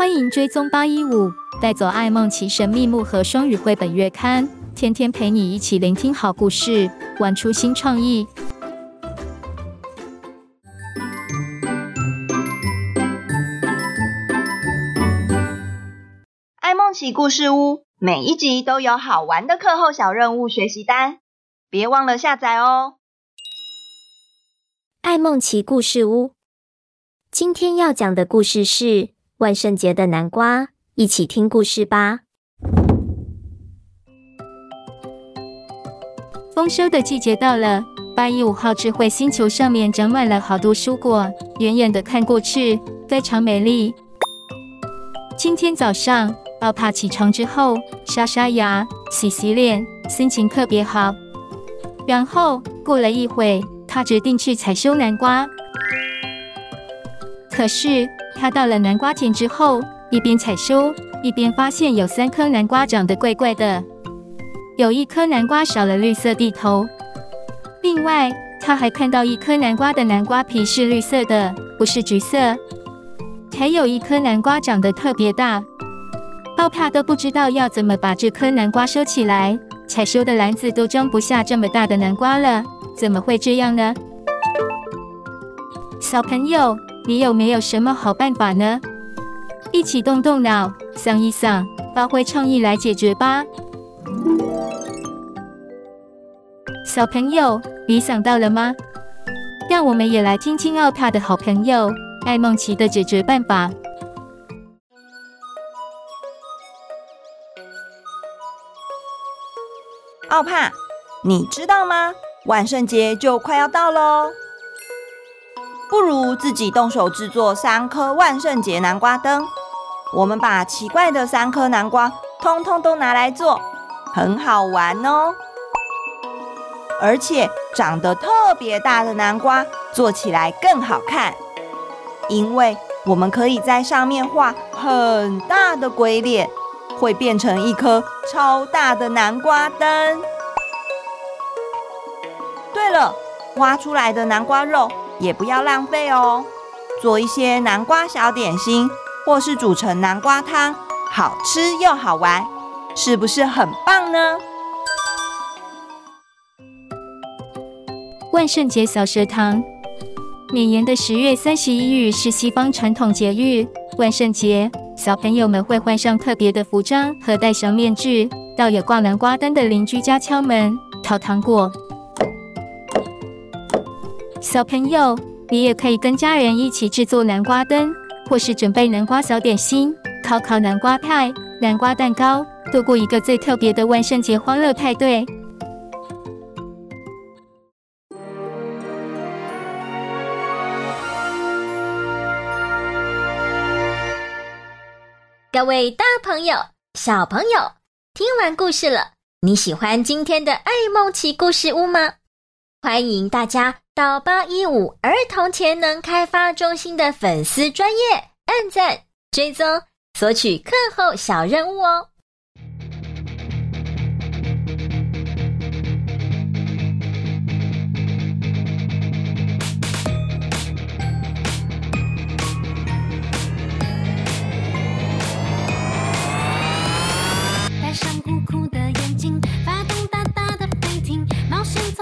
歡迎追蹤八一五，帶走愛孟奇神祕木盒雙語繪本月刊，天天陪你一起聆聽好故事，玩出新創意。愛孟奇故事屋每一集都有好玩的課後小任務學習單，別忘了下載哦。愛孟奇故事屋今天要講的故事是。萬聖節的南瓜，一起聽故事吧。豐收的季節到了，八一五號智慧星球上面長滿了好多蔬果，遠遠的看過去非常美麗。今天早上，奧帕起床之後，刷刷牙、洗洗臉，心情特別好。然後過了一會，他決定去採收南瓜。可是他到了南瓜田之後，一邊採收，一邊發現有三顆南瓜長得怪怪的。有一顆南瓜少了綠色蒂頭，另外他還看到一顆南瓜的南瓜皮是綠色的，不是橘色。還有一顆南瓜長得特別大，奧帕都不知道要怎麼把這顆南瓜收起來，採收的籃子都裝不下這麼大的南瓜了。怎麼會這樣呢？小朋友。你有沒有什麼好辦法呢？一起動動腦，想一想，發揮創意來解決吧！嗯。小朋友，你想到了嗎？讓我們也來聽聽奧帕的好朋友愛孟奇的解決辦法。奧帕，你知道嗎？萬聖節就快要到嘍！不如自己動手製作三顆萬聖節南瓜燈。我們把奇怪的三顆南瓜，通通都拿來做，很好玩哦。而且長得特別大的南瓜，做起來更好看。因為我們可以在上面畫很大的鬼臉，會變成一顆超大的南瓜燈。對了，挖出來的南瓜肉，也不要浪費哦，做一些南瓜小點心，或是煮成南瓜湯，好吃又好玩，是不是很棒呢？萬聖節小食堂，每年的十月三十一日是西方傳統節日萬聖節，小朋友們會換上特別的服裝和戴上面具，到有掛南瓜燈的鄰居家敲門討糖果。小朋友，你也可以跟家人一起製作南瓜燈，或是準備南瓜小點心、烤烤南瓜派、南瓜蛋糕，度過一個最特別的萬聖節歡樂派對。各位大朋友、小朋友，聽完故事了，你喜歡今天的愛孟奇故事屋嗎？歡迎大家到八一五兒童潛能開發中心的粉絲專頁按讚、追蹤、索取課後小任務哦！戴上酷酷的眼鏡，發動大大的飛艇，冒險。